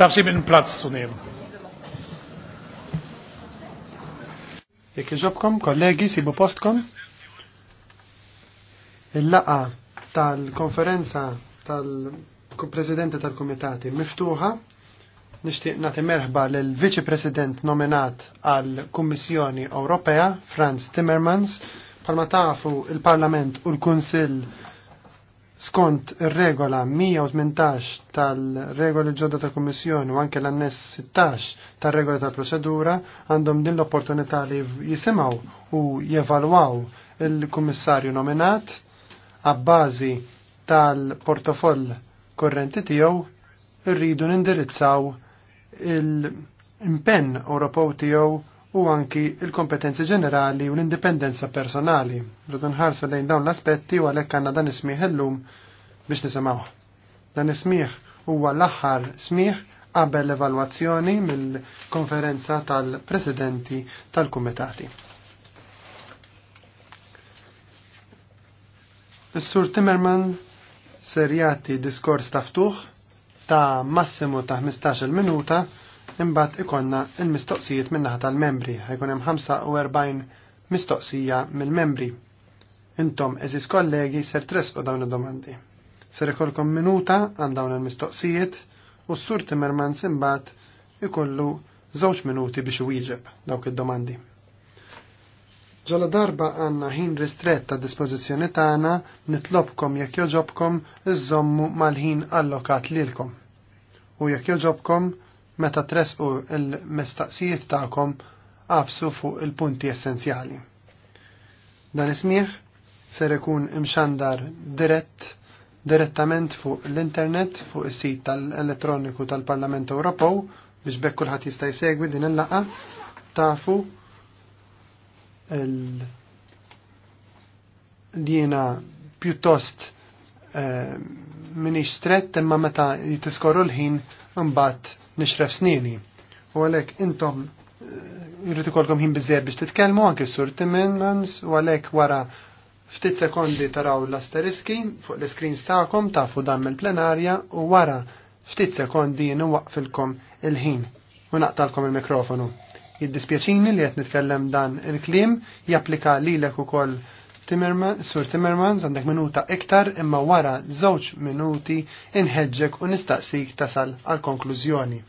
darf Sie bitten, Platz zu nehmen. Jekk iġobkom, kollegi, sibu postkom. Il-laqa tal-konferenza tal-presidenti tal-komitati miftuħa. Nishtiq nagħti merħba lil viċi president nominat għal Kummissjoni Ewropea, Franz Timmermans. Palma tafu il-Parlament u l-Kunsill skont ir-regola 118 tal-regoli ġodda tal kummissjoni u anke l-annes 16 tal-regola tal-proċedura għandhom din l-opportunità li jisimaw u jevalwaw il-kummissarju nominat għabbażi tal-portofoll korrenti tiegħu rridu nindirizzaw il-impenn Ewropew tiegħu u anki il-kompetenzi ġenerali u l-indipendenza personali. Rridu nħarsu lejn dawn l-aspetti u għalhekk għandna dan ismieħ illum biex nisimgħuh. Dan ismieħ huwa l-aħħar smieħ qabel evalwazzjoni mill-konferenza tal-presidenti tal-kumitati. Is-Sur Timmerman ser jagħti diskors taftuħ ta' massimu ta' 15-il minuta Imbagħad ikonna l-mistoqsijiet min-naħa tal-membri, ħajkun 45 mistoqsija mill-membri. Intom eżis kollegi ser tresqu dawn id-domandi. Ser ikolkom minuta għan dawn il-mistoqsijiet u s-sur Timmerman simbat ikollu żewġ minuti biex iwieġeb dawk id-domandi. Ġala darba għanna ħin ristret ta' dispozizjoni tagħna nitlobkom jekk joġobkom iżommu mal-ħin allokat lilkom. U jekk joġobkom meta tresqu il-mestaqsijiet tagħkom qabsu fuq il-punti essenzjali. Dan ismieħ ser ikun imxandar dirett direttament fuq l-internet fuq is-sit tal-elettroniku tal-Parlament Ewropew biex bekk kulħadd jista' jsegwi din il-laqa tafu li jiena pjuttost eh, minix strett imma meta jitiskorru l-ħin imbagħad nixref snini. U għalek intom jrid eh, ikolkom ħin biżejjed biex titkellmu anke sur Timmermans u għalhekk wara ftit sekondi taraw l-asteriski fuq l-iscreens tagħkom tafu dan mill-plenarja u wara ftit sekondi jenu waqfilkom il-ħin u naqtalkom il-mikrofonu. Jiddispjaċini li qed nitkellem dan il-kliem japplika lilek ukoll Sur Timmermans għandek minuta iktar imma wara żewġ minuti inħeġġek u nistaqsik tasal għal konklużjoni.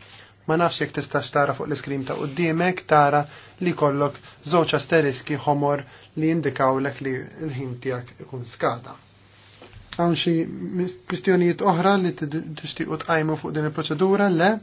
Ma nafx jekk tistax tara fuq l-iskrim ta' qudiemek tara li kollok żewġ asteriski ħomor li jindikawlek li l-ħin tiegħek ikun skada. Hawn xi kwistjonijiet oħra li tixtiequ tqajmu fuq din il-proċedura le?